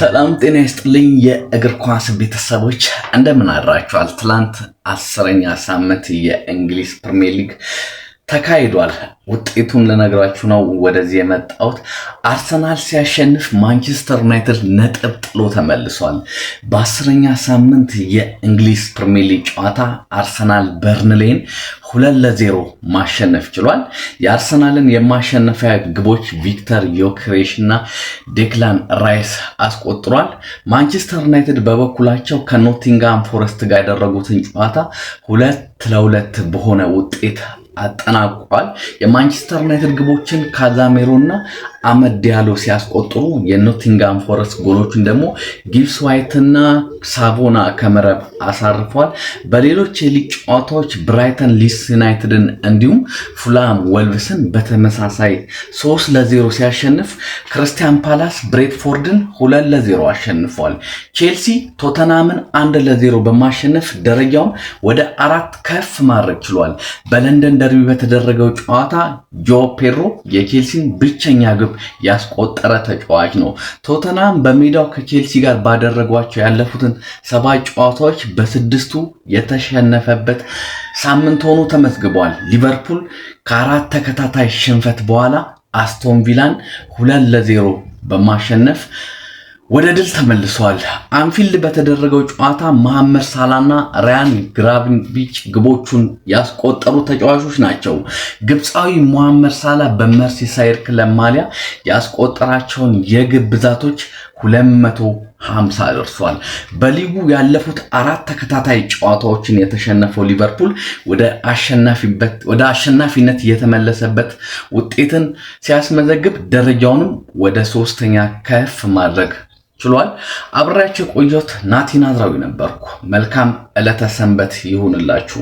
ሰላም ጤና ይስጥልኝ የእግር ኳስ ቤተሰቦች እንደምን አድራችኋል? ትላንት አስረኛ ሳምንት የእንግሊዝ ፕሪሚየር ሊግ ተካሂዷል። ውጤቱን ልነግራችሁ ነው ወደዚህ የመጣሁት። አርሰናል ሲያሸንፍ ማንቸስተር ዩናይትድ ነጥብ ጥሎ ተመልሷል። በአስረኛ ሳምንት የእንግሊዝ ፕሪሚየር ሊግ ጨዋታ አርሰናል በርንሌን ሁለት ለዜሮ ማሸነፍ ችሏል። የአርሰናልን የማሸነፊያ ግቦች ቪክተር ዮክሬሽ እና ዴክላን ራይስ አስቆጥሯል። ማንቸስተር ዩናይትድ በበኩላቸው ከኖቲንግሃም ፎረስት ጋር ያደረጉትን ጨዋታ ሁለት ለሁለት በሆነ ውጤት አጠናቋል። ማንቸስተር ዩናይትድ ግቦችን ካዛሜሮ እና አመድ ያለው ሲያስቆጥሩ የኖቲንጋም ፎረስት ጎሎችን ደግሞ ጊብስ ዋይት እና ሳቦና ከመረብ አሳርፏል። በሌሎች የሊግ ጨዋታዎች ብራይተን ሊስ ዩናይትድን እንዲሁም ፉላም ወልቭስን በተመሳሳይ 3 ለ0 ሲያሸንፍ ክርስቲያን ፓላስ ብሬትፎርድን 2 ለ0 አሸንፏል። ቼልሲ ቶተናምን 1 ለ0 በማሸነፍ ደረጃውን ወደ አራት ከፍ ማድረግ ችሏል። በለንደን ደርቢ በተደረገው ጨዋታ ጆ ፔድሮ የቼልሲን ብቸኛ ግብ ያስቆጠረ ተጫዋች ነው። ቶተናም በሜዳው ከቼልሲ ጋር ባደረጓቸው ያለፉትን ባለፉትን ሰባት ጨዋታዎች በስድስቱ የተሸነፈበት ሳምንት ሆኖ ተመዝግቧል። ሊቨርፑል ከአራት ተከታታይ ሽንፈት በኋላ አስቶን ቪላን ሁለት ለዜሮ በማሸነፍ ወደ ድል ተመልሷል። አንፊልድ በተደረገው ጨዋታ መሐመድ ሳላና ራያን ግራቪንቢች ግቦቹን ያስቆጠሩ ተጫዋቾች ናቸው። ግብፃዊ መሐመድ ሳላ በመርሲሳይድ ክለብ ማሊያ ያስቆጠራቸውን የግብ ብዛቶች 250 ደርሷል። በሊጉ ያለፉት አራት ተከታታይ ጨዋታዎችን የተሸነፈው ሊቨርፑል ወደ አሸናፊነት የተመለሰበት ውጤትን ሲያስመዘግብ ደረጃውንም ወደ ሶስተኛ ከፍ ማድረግ ችሏል። አብሬያቸው የቆየሁት ናቲን አዝራዊ ነበርኩ። መልካም ዕለተ ሰንበት ይሁንላችሁ።